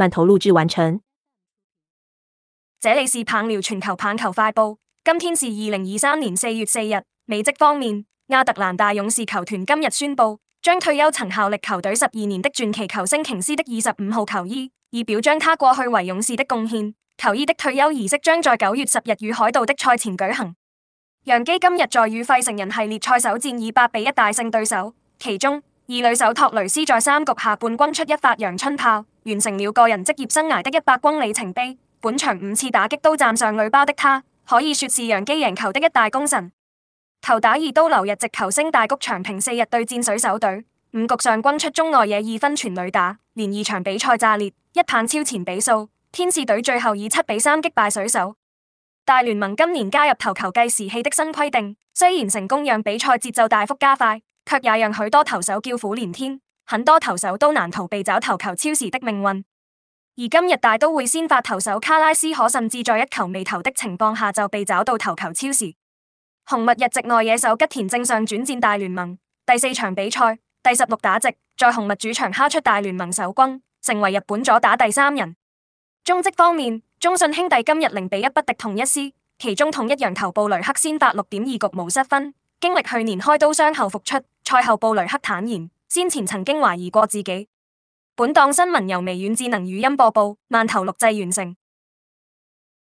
慢投錄製完成。這裏是棒聊全球棒球快報。今天是二零二三年四月四日。美職方面，亞特蘭大勇士球團今日宣布，將退休曾效力球隊十二年的傳奇球星瓊斯的二十五號球衣，以表彰他過去為勇士的貢獻。球衣的退休儀式將在九月十日與海盜的賽前舉行。楊基今日在與費城人系列賽首戰以八比一大勝對手，其中二壘手托雷斯在三局下半轟出一發陽春炮。完成了個人職業生涯的一百公里程碑，本場五次打擊都站上壘包的他，可以說是洋基贏球的一大功臣。投打二刀流日籍球星大谷長平四日對戰水手隊，五局上均出中外野二分全壘打，連二場比賽炸裂，一棒超前比數，天使隊最後以七比三擊敗水手。大聯盟今年加入投球計時器的新規定，雖然成功讓比賽節奏大幅加快，卻也讓許多投手叫苦連天。很多投手都難逃被找投球超時的命運，而今日大都會先發投手卡拉斯可甚至在一球未投的情況下就被找到投球超時。紅襪日籍內野手吉田正尚轉戰大聯盟第四場比賽第十六打席，在紅襪主場敲出大聯盟首轟，成為日本左打第三人。中職方面，中信兄弟今日零比一不敵統一獅，其中統一洋投布雷克先發六點二局無失分，經歷去年開刀傷後復出，賽後布雷克坦言。先前曾經懷疑過自己，本檔新聞由微軟智能語音播報，慢頭錄製完成。